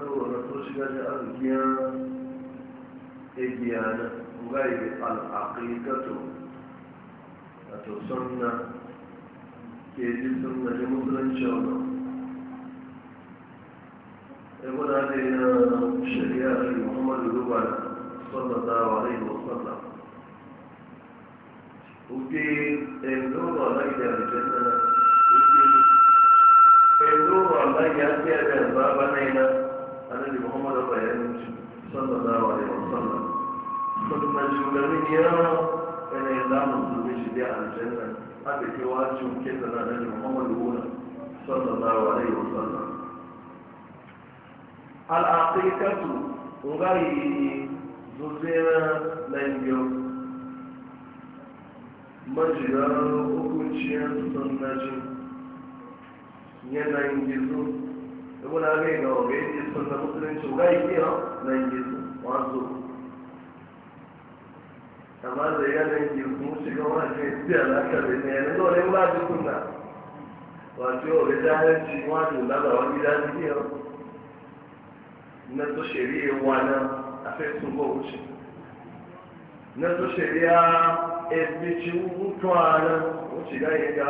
doro na to shiga da arzikin igiya na gaibe al'aƙiƙato wato sunna ke ji sunna ji musulunci wani ebe na da yana shari'a shi muhammadu ruba sallallahu alaihi wasallam uke ɗanɗoro eh, na da aljanna uke ɗanɗoro eh, na ya fiye da baba na yana annabi muhammadu bayan sallallahu alaihi wasallam sun majugarin ya yana yin lamun zurbi shi biya aljanna haka ke wacin kesa na annabi muhammadu wuna sallallahu alaihi wasallam al'aƙiƙatu ungari zuzzera na yiwu majiyar hukunciyar sunnajin yanayin gizo duk na gai ga sun na musulunci ga yi na yi su wazo amma da ya nan yi sun shiga na sai da ne yanzu wani ba su suna wato yau da jahanci wani lada wani gida su kira na su shari'a a sai wuce na su shari'a ebici na wuce ga yi da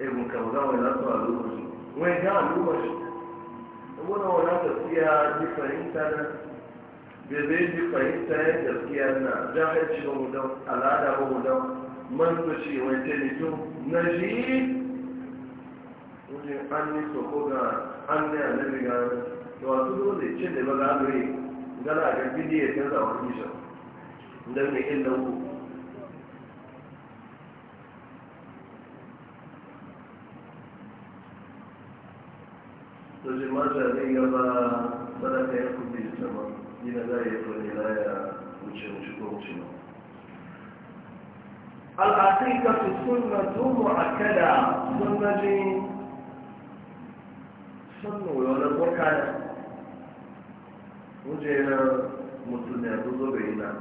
ibn kawzawa wani su al'ummar su wai ga al'ummar su wani wani gaskiya ji fahimta na da zai ji fahimta ya gaskiya na jahilci ba mu don al'ada ba mu don mantoci wai taimako na shi wajen an yi soko ga an ne a nan riga da wasu dole cin da ba za mu yi gana ga bidiyar ta wani nishan don ne illa uku soji mata zai gaba bada ka yi kudi da sama gina za a yi kudi na ya wuce wuce ko wuce ba al'aƙiƙa su suna tumu a kada sun gaji sun nuna wani kwakana wuce na mutum ya zuzo bai na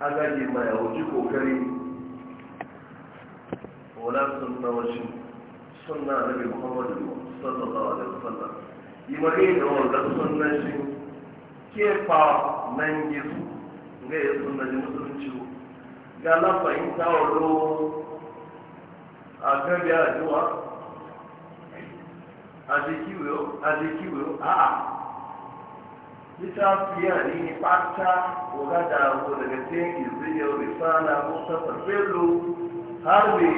agaji ma ya wuce kokari wala sunna wasu sunna annabi muhammadu sallallahu alaihi wasallam imani da wanda sunnan shi ke fa nan gizu ga ya sunna da musulunci ga la fahimta wa ro a kan ya ajuwa a jikiwo a jikiwo a a littafi yana ne fata ga damu daga cikin izriyar risala musa farfelo har ne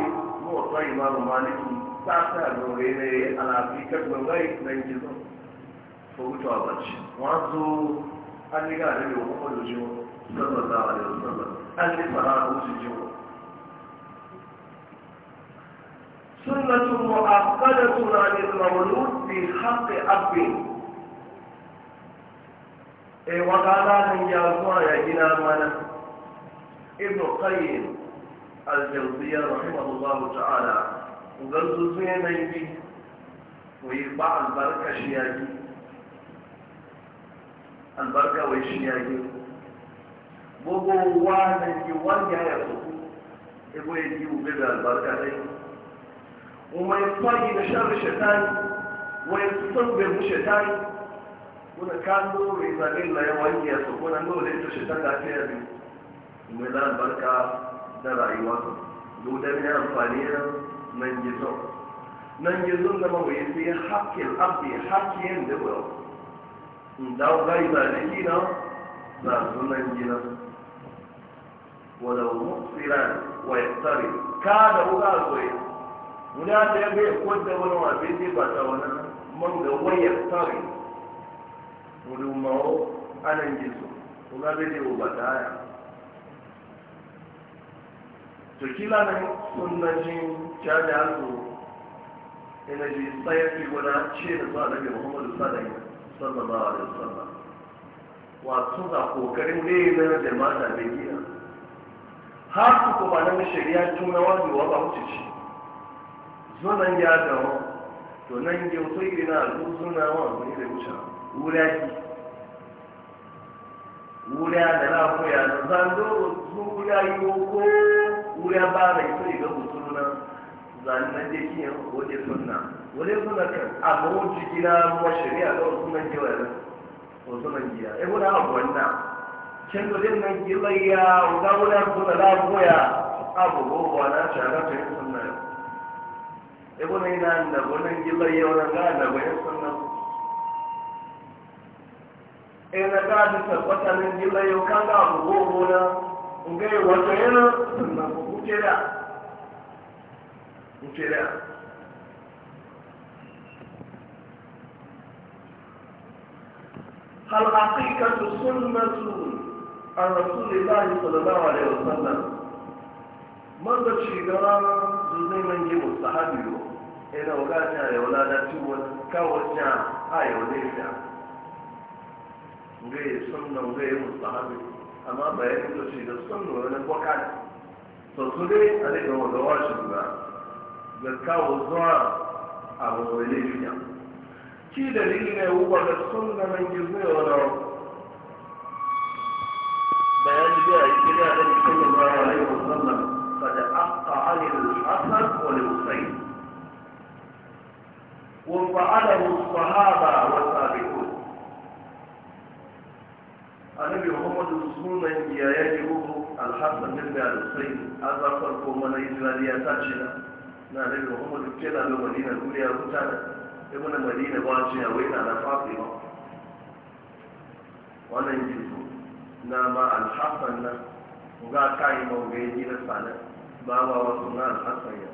mawasa imamu maliki sata lori ne alafi kagbo rai nan gizo so wuce a bacci wazo an yi gane da hukumar da jiwo sallallahu alaihi wasallam an yi fara da wuce jiwo سنة مؤقدة عن المولود في حق أب إيه وقال من يازوا يا جنا مانا ابن القيم الجوزية رحمه الله تعالى gansu su yanayi bi ko yi ba albarka shi yaki albarka wai shi yaki gbogbo wa na yi wanda ya so ego ya ji ube da albarka dai umar fagi da shan shetani wai son bai mu shetani kuna kando rizanin na yawan ya so kuna nuna ita shetan da ake yabi mai da albarka da rayuwa duk da amfani da nan gizon nan gizon da mawai sai haƙƙin abdi haƙƙin da wau da gai ba da gina na sunan gina wadda mutsiran wa ya tsari ka da wuka zoye muna ta yabe kwadda wani wabe zai ba ta wani man da wayar tsari mudu mawo anan gizo kuma zai ba ta to kila na sunnajin jami'an su energy science guda ce da zuwa nabi muhammadu sadari sallallahu alaihi wasallam wato ga kokarin da yi da jama'a da gina har su kuma na shari'a tuna wani wa ba wuce ci zonan ya dawo to nan yi wato iri na wa wani da wuce ki? Wula da na koya da zan zo zuwa yi ko ya fara yi sai ga mutum na zanen na ke kiyan wajen suna wani suna kan abu wuce gina ruwa shari'a ga wasu nan gina yana wasu nan gina ya eh, wuna abu wanda can gudun nan gina ya wuna wuna suna da goya abu gogowa na shara ta yi suna ya wuna eh, yana da wannan gina ya wuna ga da wani suna ya eh, na ga da tabbatar gina ya kan abubuwa abu gogowa na ngayi wata yana suna ya nkele a nkele a hal hakikatu sunnatu an rasulillahi sallallahu alaihi wasallam man da ci gaba zuzai man yi mustahabi yo ina wugata ya wula da tuwa kawai a yau ne fiya ngai sunna ngai mustahabi amma bai da shi da sunna wani bukata sosore a daga wanda washin ba ga kawo zuwa a wawale fiya ki da ne wuwa da sun na mai gizai wani bayani da ya kiri a daga cikin ba a rai musamman ba da aka hali da hasan wani musai wa fa'ala musahaba wa sabiqun annabi muhammadu sunan iyayen ruhu alhassan bin da alusai an za farko mana israeliya ta ce na na da ga kuma duk kela da madina duniya ruta da ya muna madina ba ce a waina na fafi ba wannan su na ma alhassan na ga kayi yi gina sana ba ba wasu na alhassan ya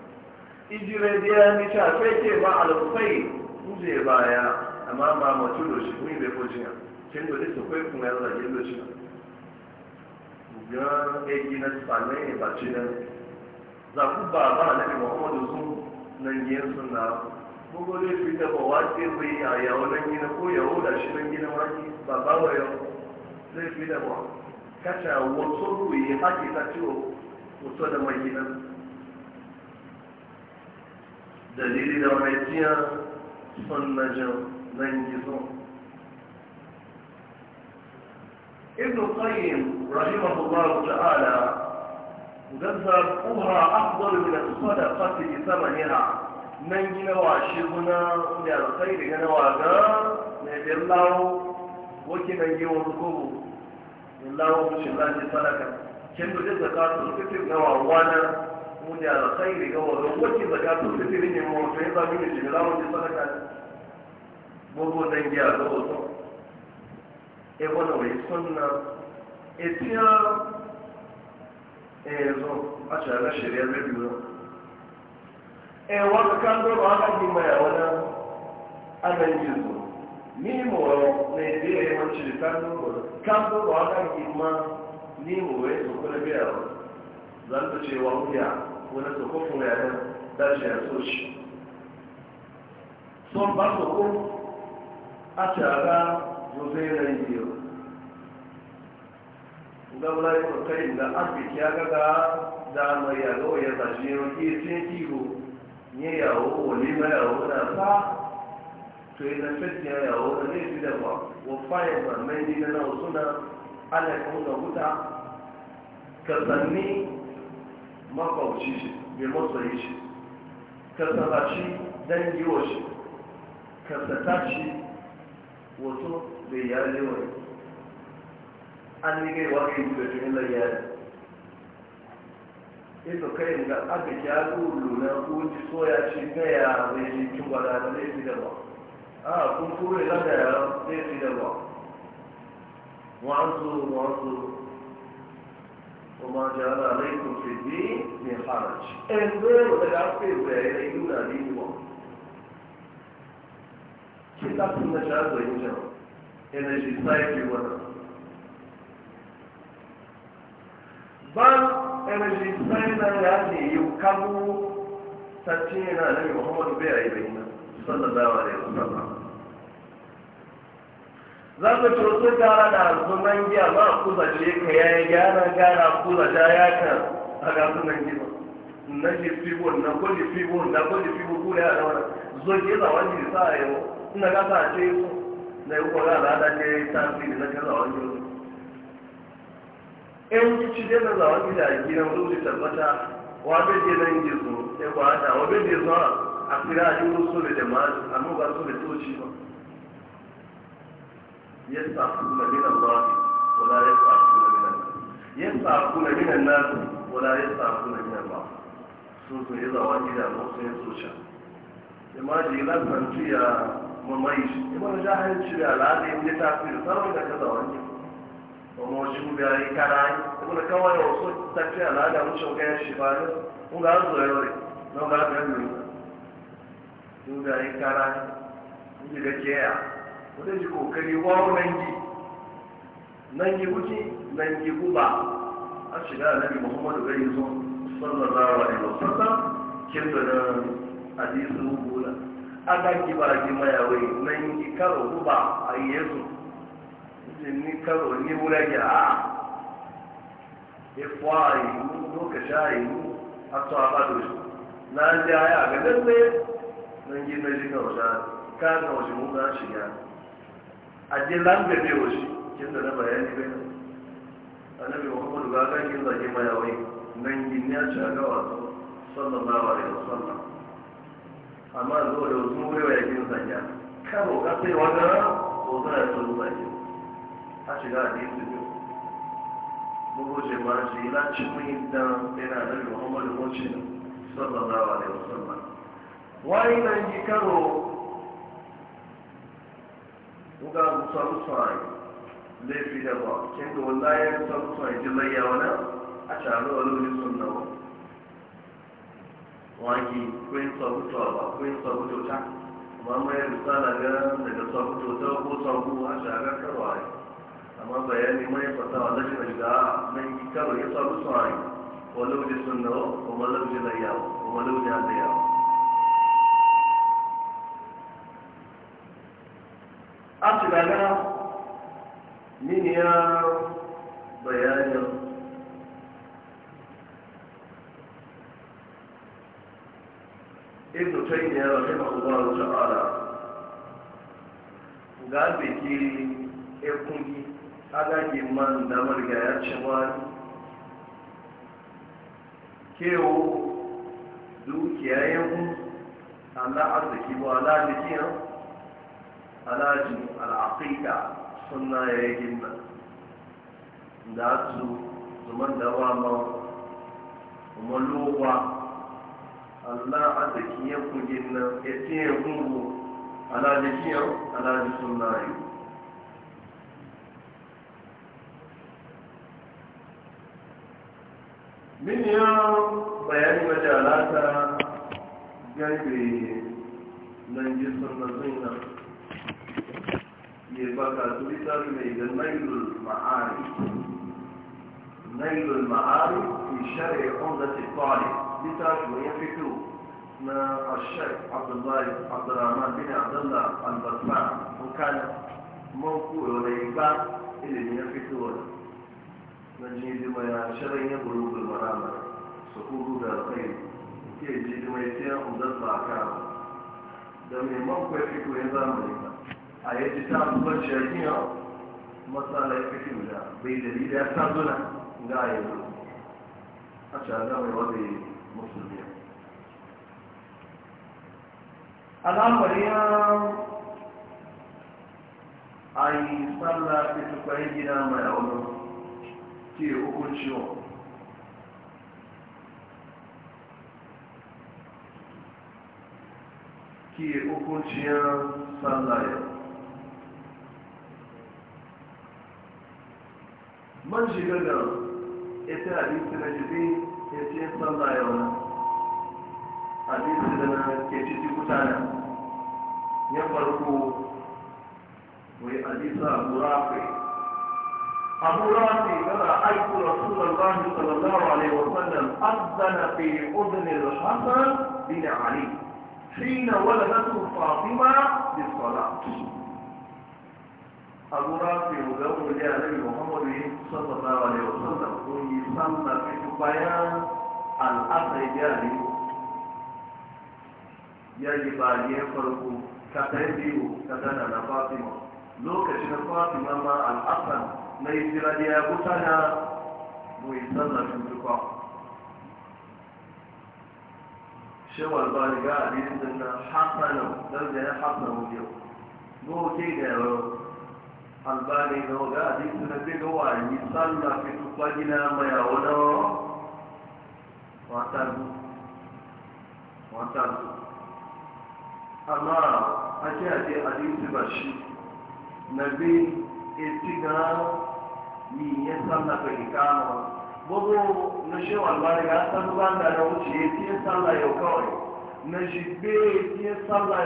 ijire biya ni ta fake ba alusai kuje baya amma ba mutu da shi ne bai kujiya kin da su kai kuma ya zage da shi yan egi na tsanne ne ba ce nan zaku ba ba na ne muhammadu sun nan yin suna gugu ne fi da bawa ce bai a yawon nan gina ko yawo da shi nan gina wani ba ba wa yau zai fi da bawa kacha wasu yi haƙi ta ciwo wasu da mai gina dalili da wani tiyan sun na jan nan gizon ابن القيم رحمه الله تعالى ذهب أمها أفضل من الصدقة بثمنها من جنوى شغنا من الخير جنوى نبي الله وكما يجيو الكبو الله وشغلان صدقة كنت زكاة الفطر نوى وانا من الخير جنوى وكما زكاة الفطر من المعطيبة من الجنوى صدقة مبو نجي أدوه ebona wee sunna etia ezo achara sheria redio ewa kandoro aka gima ya wana ana njizo mimo na ebia ya manchiri kandoro kandoro aka gima mimo wee sokole bia zanto cewa wuya wani sokofin ya nan dashi ya soci son ba soko achara musayin rediyo gabla yi kai da afirka ya gaga da mai yago ya tashi ya ki sai kigo ne yawo wani ma yawo na sa to yi na fit ya yawo da zai fi da ba wa fayin barnai ne na suna ana kan da wuta ka sanni makwabci shi bai matsayi shi ka sabaci dangiwa shi ka sata shi wato zai ya je wani an yi gaiwa ke gudun layar ito kai ga aka kya rulu na kunji soya ci gaya zai ji kin gwada da ya fi da ba a kun ture na da zai fi da ba wanzu wanzu kuma jara alaikun fi bi ne haraj en zai da ga fi zai da energy cycle weather. Ban energy cycle ya ne yau kamo sarki yana nan Muhammadu bai yi bai nan sallallahu alaihi wasallam. Za ku ci wasu gara da zunan giya ma kusa ce ka yayi gyara gara kusa ja ya ka a ga zunan giya. Na ji fibo, na kwaji fibo, na kwaji fibo, kula ya da wani. Zo giza wani sa a yau, ina gasa a ce su. na yi kwara al'ada ce ta fi da na kan zawon yau in eh, ci ci dai na zawon gida a gina wani wuce tabbata wa bai je nan gizo ya kwata eh, wa bai je zuwa a fira a yi so da jama'a amma ba so da toci ba ya safu na minan ba wala ya safu na minan ya safu na minan na wala ya safu na minan ba sun so ya zawon gida ma sun yi toci jama'a ji lantarki ya mamai shi ibn jahil shi da al'ada yin da tafiye da kaza wani ba mu shi da yi karai ibn kawai wasu tafi al'ada mun shauka ya shi bani kun ga zuwa yau na ga ga da yi ji gake ya wanda ji kokari wawo nan gi nan gi guji nan gi guba a shiga annabi muhammadu gari zo sallallahu alaihi wasallam kin da hadisin aka kiba ji mayawe na yi karo ruba a yesu ni karo ni ya a ifuwa yiwu lokaci a yiwu a tsawa da shi na ndị agha ga lalle na yi na ji gausa ka na wasu mu na shi ya a je lambe bai wasu kin da na bayani bai annabi muhammadu ga aka kin da ji mayawe na yi ni a ci a gawa sallallahu alaihi wasallam amma zo da wasu waiwa ya jin sanya karo yi sai wanda ko zana da wasu sanya a shiga a jin su ne bugu ce ba shi na cikin mun yi dan yana da muhammadu wacce sallallahu alaihi wasallam wani na yi karo ga musamman sai laifi da ba kin da wallahi musamman sai jilayya wani a tare da wani sun nawa wọn yi kó ń sọ kótó àbá kó ń sọ kótó ká àmọ́ mọ́ ẹ̀rù sára gẹ́ ẹ̀dọ̀ sọ kótó tó kó sọ kó aṣọ àgá kẹwàá rẹ̀ àmọ́ bẹ̀yẹ́ ni mọ́ ẹ̀kọ́ sára lọ́jọ́ ìgbà mẹ́yìn kẹwàá yẹ sọ wọn àrùn wọn ló di sunna wọn ló di lẹ́yàwó wọn ló a ti dàgbà nínú ya bẹ̀yẹ́ ibn taymiya rahimahullahu ta'ala ga biki ekungi agage man da marga ya cewa kewo dukiya yanku, Allah arziki bu ala dikiya ala ji al'aqida sunna ya yi gina da su zuman da wa ma umarlowa Allah a zaki ya kugin nan ya ce ya gungu alaji kiyan alaji sunna yi min ya bayani majalata gaibe nan ji sunna sunna ya baka su littafi mai da nailul ma'ari nailul ma'ari fi shari'a ƙunzatin ƙwari littafi ya fito na ashek abdullahi abdurrahman bin abdullah albasa an kana man koyo da iba ilimin ya fito wani na jini mai shirin ya buru da marama su kuru da kai ke jini mai tiyan a zaka da mai man ya fito ya zamani a yaji ta abubuwan shirgin ya matsala ya fito da bai dalila ya sa zuna ga yanzu a shaga mai wanda ya yi Alá Maria, Ai yi tsalla ta tukwayin gina mai auno ke hukunciwa ke hukunciyar tsalla yau man shiga da ita kece sallah yau hadisi da na kece ci kutana ya farko wai hadisa abu rafi abu rafi kana aiku rasulullah sallallahu alaihi wasallam azana fi udn al-hasan bin ali حين ولدته فاطمة بالصلاة أبو رافع ذو جاء النبي محمد صلى الله عليه وسلم قل يسمى في bayan al'adar biya biyu ya yi bayan farko ka biyu ka dana na fatima lokacin fatima ma al'adar, na isra da ya kusa da mai sallar tukwa shewar ba da ga abin din na hasanan don da ya hasanan yau goke da yaro albani waga abin din na fi gawa yi sallar tukwa gina mayawa na wọ́n sáájú wọ́n sáájú. amma ake ake hadisi ba shi na bi eti na yi ya sallah ka ikama gbogbo na shi walbari ga san banda na wuce eti ya sallah shi be eti ya sallah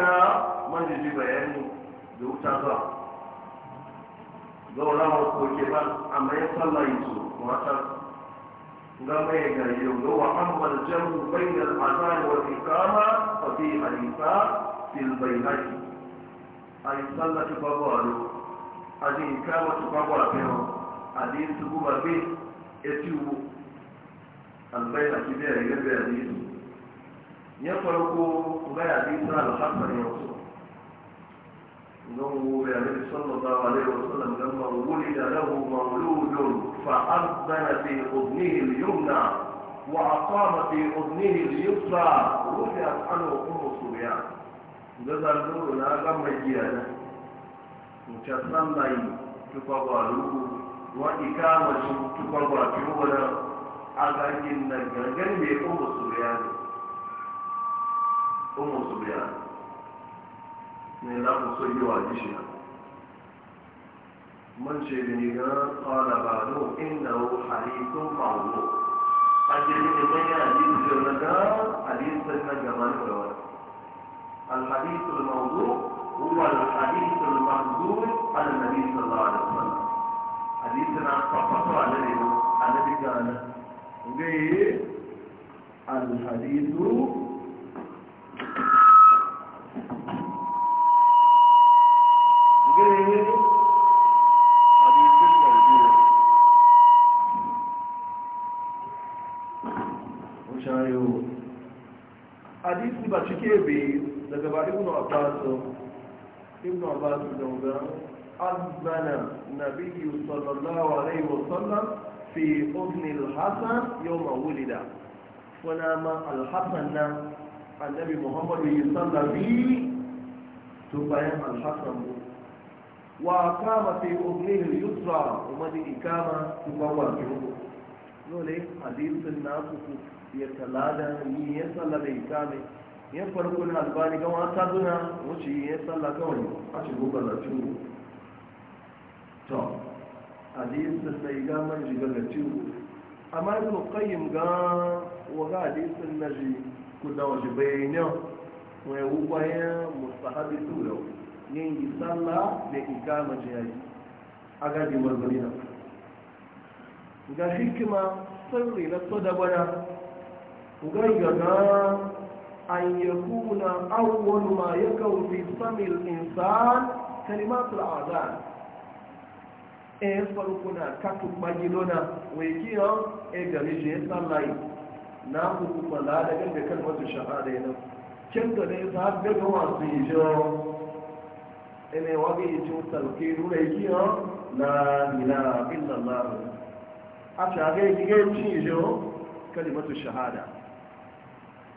na manjiji bayani da wuta zuwa ba amma ya sallah yi su kuma game da yau wa amman jamu bayan azar wa ikama a fi halitta fil bai haki a yi tsalla ta babu a lo a ji ikama ta babu a fiyan a ji su kuma bi eti ubu albai a kibiyar yadda ya zai su ya farko ga ya zai tsara hasari yau إنه يعني صلى الله عليه وسلم لما ولد له مولود فأذن في أذنه اليمنى وأقام في أذنه اليسرى رفعت عنه أم الصبيان gaza dole na gama giya na mucca sallayi tukwa ruku wa ikama shi tukwa ba tuwa na a gagin na gargar mai umu ne ne na kusa yi wa jishi man ce gani ga kwana ba no inda wo halittun ma'ubu a jini ne mai yana jishi na ga halittun na gama ne da wani الحديث الموضوع هو الحديث المحدود عن النبي صلى الله عليه وسلم حديثنا فقط على النبي قال الحديث بي لكبا ابن عباس ابن عباس الدوغان أذن نبي صلى الله عليه وسلم في أذن الحسن يوم ولد ونام الحسن عن نبي محمد صلى به تبين الحسن وأقام في أذنه اليسرى ومدي إقامة ثم وجهه نولي حديث الناس يتلادى من يسأل الإقامة ya farko na albani ga wani ta wuce ya tsalla kawai a ci gobe da ciwo to hadis da sai ga man shiga da a amma ibn qayyim ga wa ga hadisin na ji ku da waje bayanin mai wuwa ya mustahabi tura yin yi tsalla da ikama jiyayi a gadi na ga hikima sirri na so da bada ga أن يكون أول ما يكون في فم الإنسان كلمات الأعذان إيه فرقنا كتب مجلنا ويكينا إيه جريجي سلاي نعم لا لكن بكلمة الشهادة كم تريد هذا بجوا سيجو إني وابي يجو تلقين ويكينا لا إله إلا الله أشعر غير جيجو كلمة الشهادة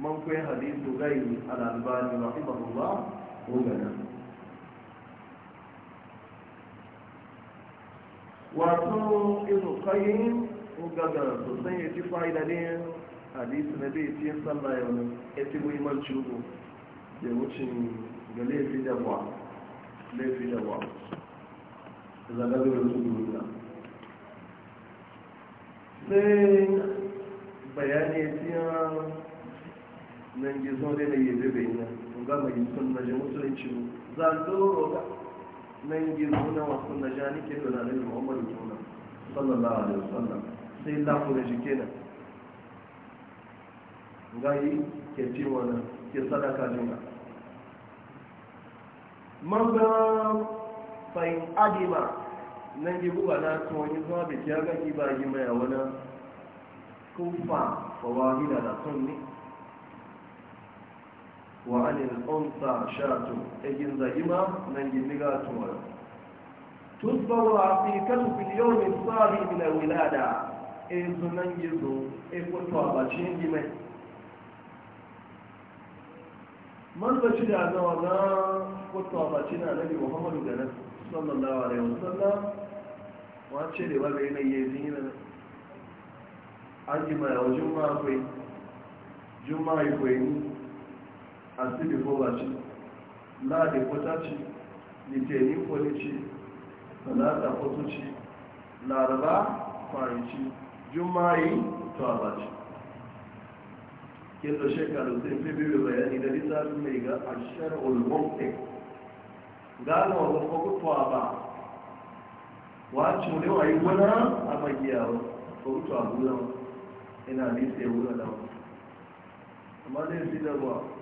man kai hadisu gairi al'albani rahimahullah ogana wato izu kayin ogana sosai ya ci fa'ida ne hadisu na bai ci sallah yau ne ya fi muhimmanci uku da wucin ga laifin da ba laifin da ba zagarar su duniya sai bayani ya nan ji zo ne da yabe bai na ga mai sunna ji musulunci mu za doro ga nan ji zo na wasu na jani ke da nabi Muhammad tuna sallallahu alaihi wasallam sai la da jike na gai ke ci wana ke sadaka jina manga fain adima nan ji buga na to zuwa da kiyaga ki ba yi mai wana kufa fawahida da ne وعن الأنثى شاة أجن ذهما ننجل لغاتها تصبر عقيقة في اليوم الصالح من الولادة إذ ننجل إقوى طابة شنجمة من بشر عزونا وطابتنا نبي محمد جنة صلى الله عليه وسلم وعن شيء وبين يزين عندما يوم جمعة جمعة يكويني asibi goba ci lade kwata ci litini kwani ci talata kwatu ci laraba kwari ci juma'i tuwaba ci kinda shekaru fi biyu bayani da littafin mai ga ashar ulmumtik gano ina da fi da ba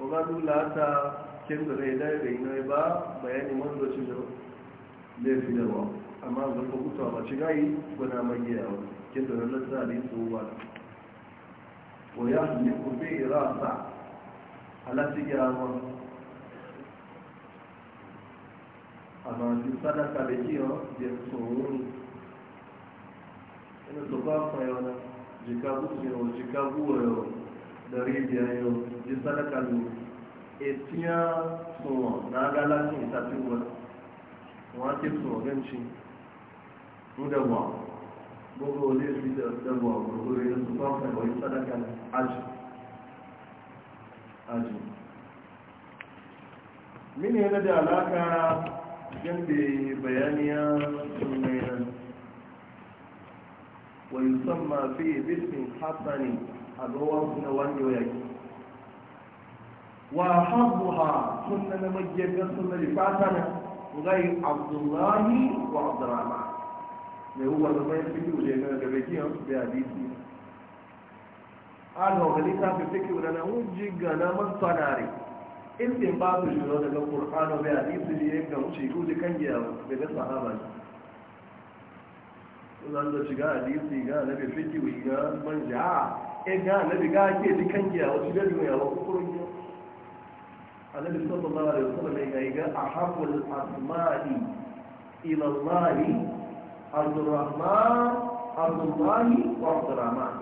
kuma dula ta kinda zai dai bai nai ba bayani wanda ci da zai fi da ba amma zai ko mutu ba ci gai guna magiya wa kinda na lantsa da yin tsohuwa ko ya ne ku bai rasa alati gyawa amma su sadaka da kiyo da tsohon ina tsoba fayo na jikagu tsohon jikagu wayo dari biyar ji etiya sunwa na galaci itafi mu da wa gbogbo da dabuwa gbogbo ya su kwanfa wani sadaka aji yana da alaka jambe bayaniya sunayen wa yusamma fi bisin hasani وحظها أنهم يقولون أنهم يقولون أنهم يقولون أنهم يقولون أنهم يقولون أنهم يقولون هم في هذه قال هو القرآن في حديث اللي يبقى مشي يقول لك كان جاو بين الصحابة قال له شقا حديث قال لك الفكي من جاء ga annabi ga ake ji kan giya wasu da duniya wa kukurin giya annabi sallallahu alaihi wasallam ya yi ga ahabul asma'i ila Allah Abdurrahman Abdullahi wa Abdurrahman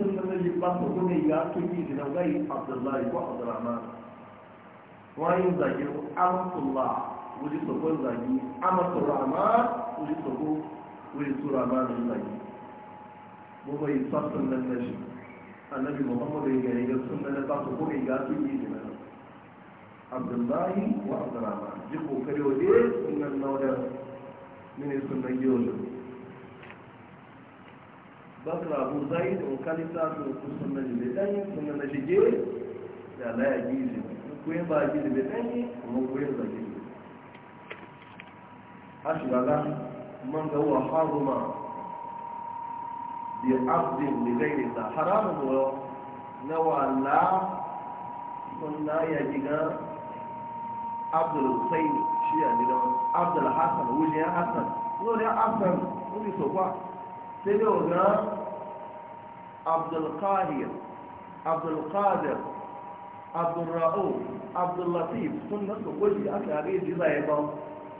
sun nan da jibba ko ne ya to yi da nan gai Abdullahi ko Abdurrahman wani zagi Abdullah wuri sabo zagi Abdurrahman wuri sabo wuri surama da zagi mu bai sassan nan da shi annabi muhammadu ya gani da sunna na ba su kuma ga su yi jina abdullahi wa abdurrahman ji kokari wa dai sunan nauda mini sunan yau bakar abu zai da wakali ta su ku sunan jibe danyi sunan na shige da laya gizi ku yi ba gizi bai danyi kuma ku yi ba gizi a shiga ga man ga wa haruma بعرض لغير الله حرام هو نوى الله قلنا يجينا عبد الحسين شيا جدار عبد الحسن وليا حسن وليا يا حسن قولي سوفا سيدونا عبد القاهر عبد القادر عبد الرؤوف عبد اللطيف سنة وجه أكاري جزايبا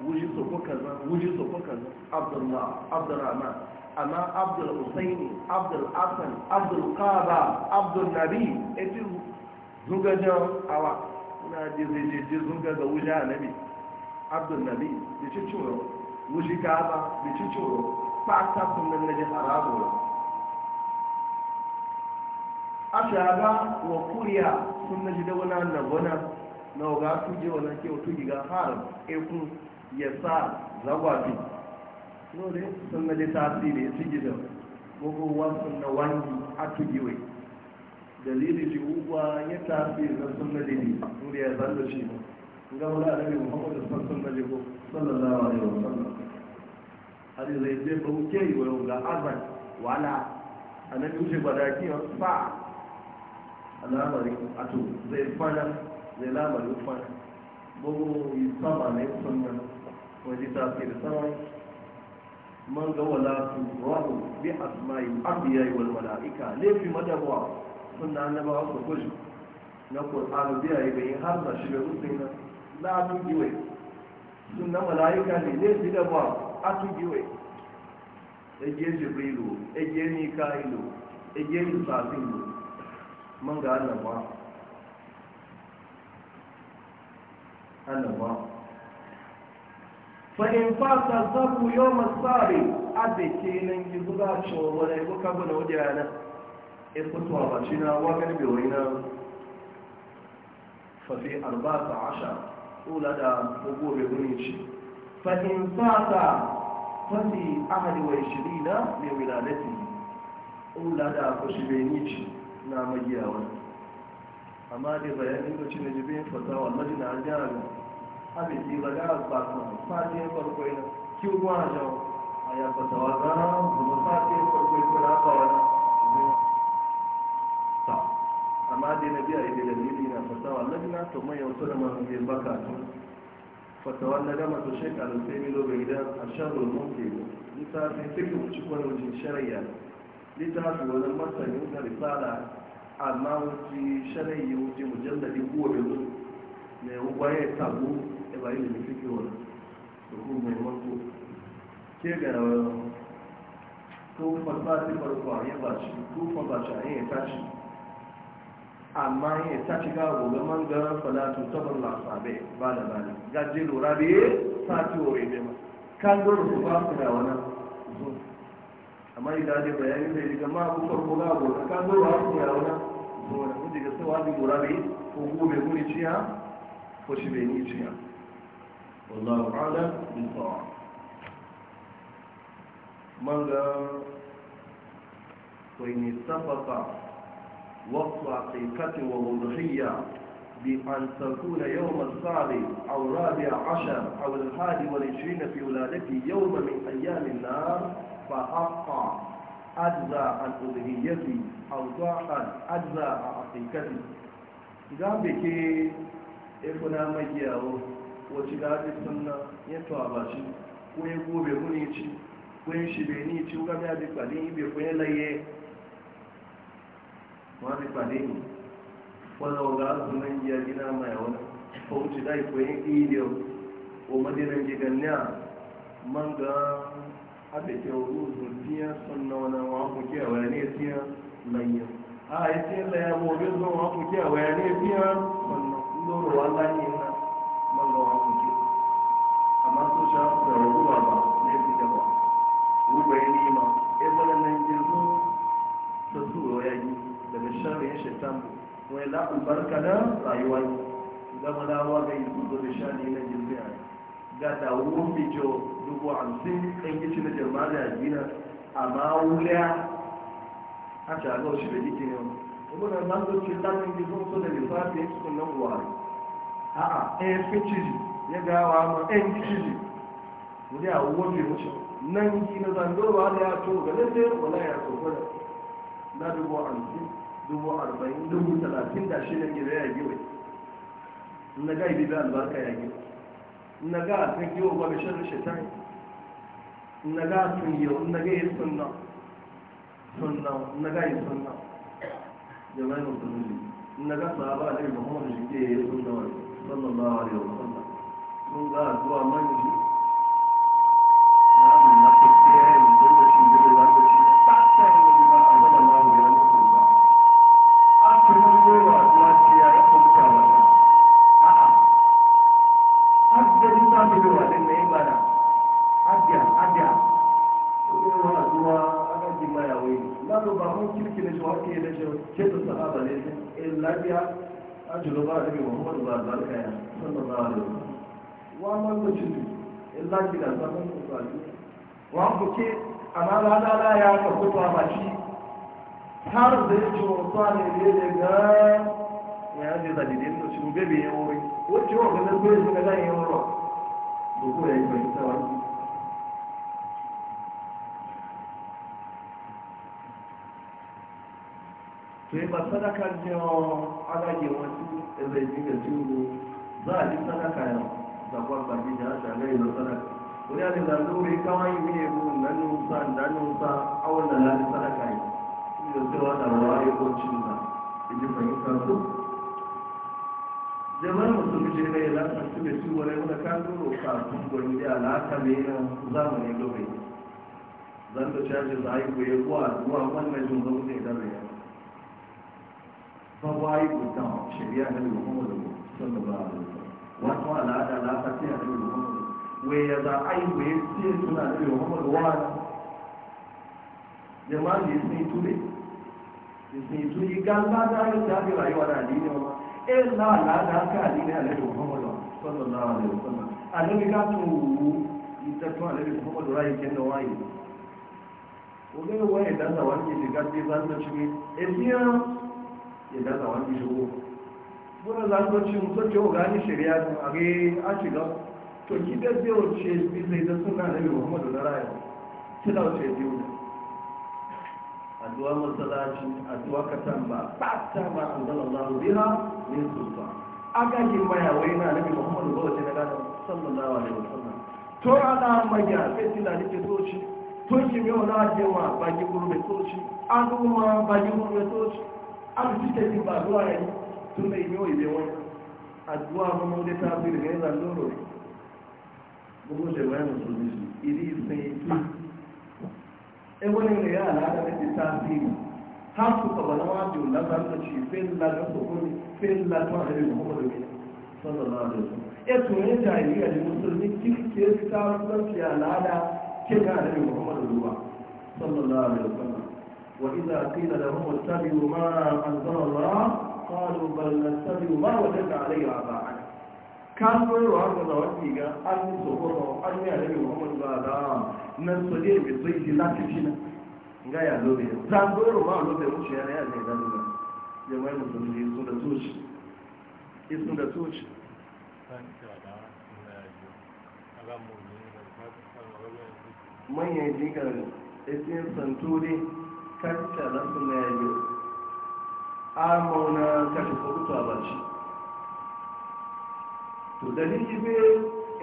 وجه سوفا كذا وجه سوفا كذا عبد الله عبد الرحمن amma abdul husaini abdul Asan, abdul kaba abdul nabi eti zugajen awa na jizijeji zugaga wuja nabi abdul nabi da ci wuji kaba da ci curo fata sunan na ji haramu a shaga wa kuriya sun na ji da wani annabona na oga tuje na ke otu giga haram ekun ya sa zagwafi lórí sunna lè tasiri sí gidan gbogbo sun na wani a tugiwe dalili ji ugwa ya fi na sun na ne inda ya zanda shi ba ga wani arabi muhammadu sun na jiko ko sallallahu alaihi wa sallam hadi zai je ba uke yi wa ga azan wala A annabi wuce gwada kiyan sa alamari ato zai fana zai lamari fana gbogbo yi sama ne sunna fi da sama man ga wala turahu bi abu anbiya wal malaika ne fi madawa sunna annabawa su kuji na qur'anu biya yi bayin har da shi rusul na la tu giwe sunna malaika ne ne fi da ba atu giwe eje jibrilu eje mikailu eje israfilu man ga annabawa fa'in fata sabu yau masari a da ke nan gizo za a cewa wani buka bane wajen yana ikutuwa ba shi na wagan biyoyi na fafi arbata asha kula da bugu bai wuni ci fa'in fata fasi ahaliwa shiri na mai wilalati kula da kushi bai ni ci na magiyawa amma da bayanin da cin jibin fata wa majina jihar abe ti zaga gbàgbà sáàtì ẹ̀kọ́kọ́ yẹn kí ó wọ́n àjọ àyàpọ̀tà wà gánà ọ̀gbọ̀n sáàtì ẹ̀kọ́kọ́ yẹn kọ́ra bá wà lọ́wọ́. tà àmà dé na bí àyè da lílì na fatawa lẹ́yìn náà tó mọ̀ yẹn tó lọ́mọ yẹ bákà tó fatawa na gama tó ṣe kàlù sí mi lóbi gidan àṣàrò lókè littafin fíkì wuce kwanu jin shari'a littafin wani masanin na risala amma wuce shari'a wuce mujalladi kowane mai wugwaye ba ilimin fiki wani hukum mai mako ke ga rawar tufan ba su farko a yi ba shi tufan ba shi a yi tashi amma yi tashi ga gobe man garan falatu tabar lasabe ba da ba ne gaji lura biye sati wuri ne ma kan dole su ba su da wani zo amma idan ne bayani zai diga ma ku farko ga gobe kan dole ba su da wani zo wani kun diga sai wani lura biye ko gobe kuni ciya ko shi bai ni ciya والله أعلم بالطاعة من وإن اتفق وقت عقيقة ووضحية بأن تكون يوم الثالث أو الرابع عشر أو الحادي والعشرين في ولادته يوم من أيام النار فأقع أجزاء الأضحية أو ضاع أجزاء عقيقته. إذا بكي إخونا مجيئه wace da haɗe sunna ya tuwa ba ko ya gobe muni ci ko ya shi bai ni ci ko ya bi kwade yi bai kwaye laye ma bi kwade ni wanda wanda a sunan giya gina mai wani ko wuce da yi kwaye idiyo ko madinan giganniya man ga haɗe ke wuru zurfiya sunna wani wakuke a wani tiya laye a yi tiya laye mobin zuwa wakuke a wani tiya sannan lorowa laye sha da raguwa ba na fi da ba ruba ya nema ya eh, bala nan girma ta zuwa ya yi daga sharin shaitan wai la albarka na rayuwa zama lawa ga da shani na girma ya ga da wuri jo dubu hamsin ɗan gici na girma da gina amma a shagar shi da gikin yau kuma na zanto ce tsarin da lissafi ya cikin a'a ɗaya fi ciji ya gawa ma ɗan eh, ciji wuri a wofe wuce nan yi na zandorwa da ya to ga lalle wala ya so gwada na dubu hamsin dubu arba'in dubu talatin da shi da gida ya giwe na ga ibi da albarka ya giwe na ga a kan giwo ba bishar rashe ta yi na ga sun yi na ga yi sunna sunna na ga yi sunna jama'in musulmi na ga sahaba da muhammadu shi ke yi sunna sallallahu alaihi wasallam sun ga zuwa manyan wucin in za ki da zaman wa ku ke amma ya ka ku har da ya ci ne ga ya da wa ganin sadaka ne wasu zai dinga jiro za a ji sadaka yau zakwa baki da haka gari da sadaka wani yadda da lori kawai mini bu na nusa da nusa awon da lalata sadaka yi su da cewa da rawa ya ko cin da iji fahimta su jama'ar musulmi ce mai lantar su da su wani wani kan duro kafin gwani da alaka mai yana zamani lobe zan da cajin da ayi goye ko a zuwa wannan jin zama ne da rai ba wa ayi kuta shari'a na muhammadu sallallahu alaihi wọ́n wà láàdá látàkì àti olùkọ́ wẹ̀yẹ̀dà àìwé tí wani náà lè wọ́n mọ̀ wá ní. jẹ̀má lè sin ìtúlẹ̀ ìsìn ìtúlẹ̀ ìgá ńláńlá ló ti àbí wàyí wà láàdí ní ọmọ ẹ̀ náà láàdá káàdì ní àlẹ́ lè wọ́n mọ̀ lọ sọ́dọ̀ náà lè wọ́n mọ̀ àlẹ́bí ká tó wù ìtẹ́tún àlẹ́ lè wọ́n wani lọ́ra ìkẹ́ náà wáyé. ògbẹ́wọ̀ ìdánzà wá siya ìdíkà tí ìbá ń lọ buna za su ci mutu ke ogani shari'a don a ga to ki da zai wuce bizai da suna da muhammadu na rayu tana wuce biyu ne addu'a masallaci addu'a katan ba ba ta ma an zala za mu biha min sulta aga ki maya wai na nabi muhammadu ba wace na gada sallallahu alaihi wasallam to ana maya sai tana nake so shi to ki mi wala jewa ba ki gurbe so shi an kuma ba ki gurbe so shi an fita ki ba zuwa yayi tun da yi wai bewa addu'a ma mu da tafi daga yanzu alloro bugun da bayan musulmi iri sun yi tu e wani ne ya alaka da ke tafi har su ka bana wa biyu na zan da ci fen la ga sokoni fen la ta hari muhammadu ne sallallahu alaihi wasallam e to ne jahiliya da musulmi kike ta san ya alada ke ga hari muhammadu ruwa sallallahu alaihi wasallam wa idza qila lahum ittabi'u ma anzala Allah قالوا بل نتبع ما وجدنا عليه آباءنا كان غير هذا الوجه أن سقوط أن يعلم محمد بعد نسجل بالضيف لا تشينا ga ya lobe zan goro ma lobe wuce yana ya zai gano jama'i musulmi su da tuci isu da tuci manyan jikar isin santuri na amauna kashe kutu a baci to dalili be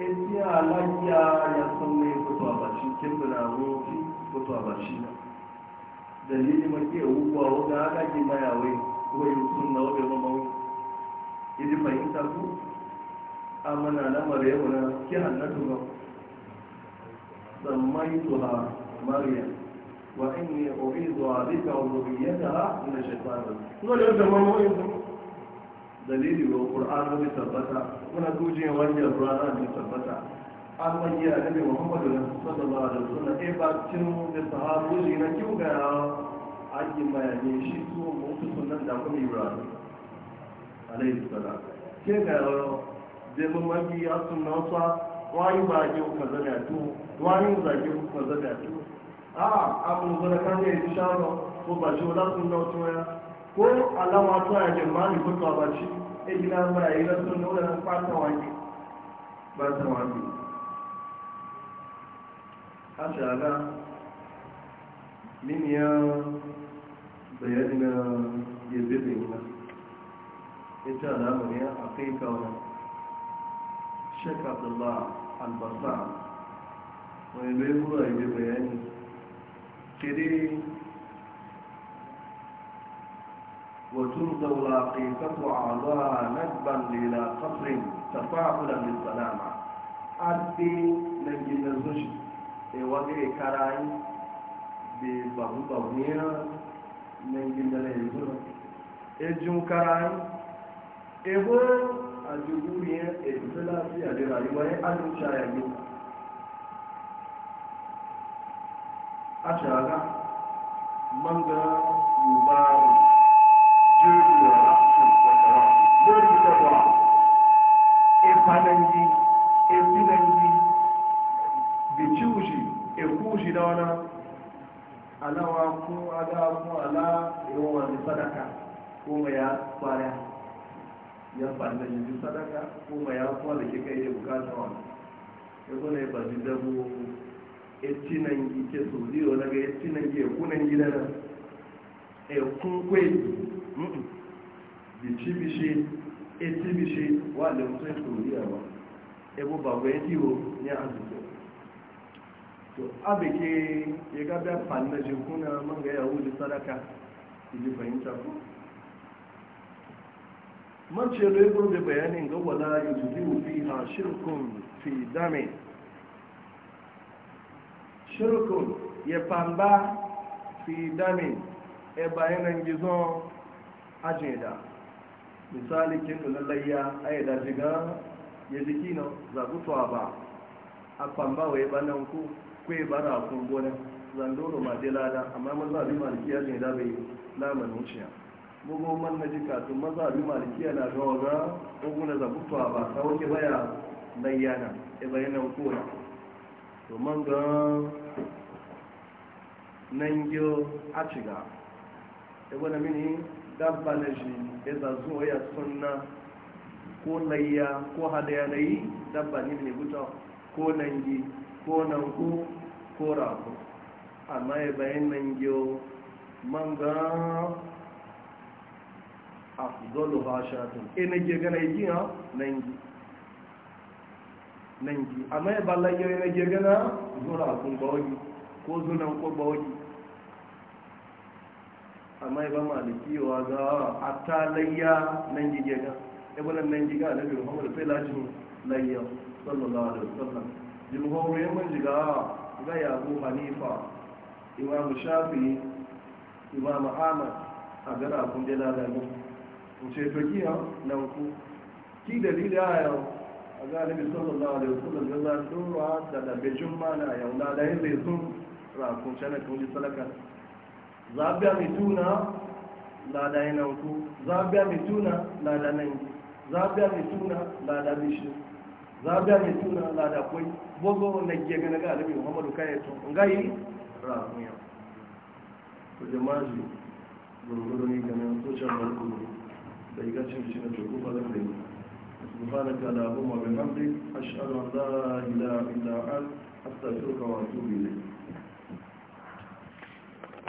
eti eh, halayya ya sanne kutu a baci kin da roki kutu a baci na dalili make wuwa wuga aka ki mayawai wai sun na wabe mamawi idi fahimta ku amana na maryam na ki hannatu ga sammaitu ha maryam وإني أعيضها بك وذريتها من الشيطان نقول يا جماعة dalili wa qur'an ne tabbata muna gujin wannan qur'an ne tabbata amma ya nabi muhammadu sallallahu alaihi wasallam e ba cin da sahabu ne na kiuga aji bayani shi so mutu sunan da kuma ibrahim alaihi salam ke ga da mun magi asunna sa wani ba wani zaki ku kaza tu agbègbè ah, kan lè ti sáàbọ̀ ya kó aláwọ̀ atọ́ àjẹ̀ máa ní kó tó àbàtí èyí náà ń bá èyí na ní ó lè pa táwọn yìí bá táwọn yìí. a ṣàgá nínú ya bayani na yẹ̀bẹ̀ bẹ̀yìn náà ita alamar ya a kai kawo shekatullah albasa wani bai ruwa yake bayani kiri وترضى العقيقة أعضاء نجبا إلى قصر تفاعلا للسلامة أدي نجي نزوش إيوالي كراي ببابو بابنيا نجي نزوش إجو كراي إيوال أجوبوني إبسلا في أدرائي وهي أدو شايا يوم a shaga manga mubarak jirgiwa rafin zakara lori da ba efanangi efinangi biciushi ekushi da wana alawa ku ala ku ala yawan e wani sadaka ko mai ya kwaya ya fanda yanzu sadaka ko mai ya kwa da kika yi bukata wani ya zo ne ba dabu etinan yi ke so o daga etinan yi ekunan gida na ekun kwai bici bici eti bici wa da mutum soriya ba ebo bagwa yanki wo ni a zuke to abike ya gaba fanna jinkuna man ga yawo da sadaka ili fahimta ko man ce lo yi bayanin ga wala yuzuhiru fiha shirkun fi dame shirkun ya famba fi damin e bayanan gizon ajeda misali kinga lallayya ai da jiga ya jiki na zagutuwa ba a famba wa ya ku kwe bara kun gona zandoro ma dai lada amma mun zabi malikiya ne da bai lamun wuciya bugu man na jika to maza bi malikiya na ga ugu na zabutuwa ba ta wuce baya layyana e ku to man ga nangyo aciga na mini dabba na shi ya zazu ya sunna ko layya ko hada na yi dabba ni mini buta ko nangi ko nanku ko rago amma ya bayan nangyo man ga afdolu ha shatin e na ke gana yi ha nangi nangi amma ya ba layya e na ke gana zura kun bawagi ko zunan ko bawagi amma ba maliki wa ga hatta layya nan gige ga ibn nan giga annabi muhammad sai lajin layya sallallahu alaihi wasallam jumhuriyar man jiga ga ya abu hanifa imam shafi imam ahmad a gara kun da lalamu in ce to ha nan ku ki dalili ayo a ga annabi sallallahu alaihi wasallam ga za dora da da bejin mana yau na da yin zai sun ra kun cana kun ji salaka zabia mituna lada yana uku zabia mituna lada nan zabia mituna lada bishi zabia mituna lada kwai bogo na giya gana ga alibi muhammadu kayato ngai ramuya to jama'a gurgudu ne ganin social gurgudu da igacin shi na turku fadar da yi سبحانك اللهم وبحمدك أشهد أن لا إله إلا أنت أستغفرك وأتوب إليك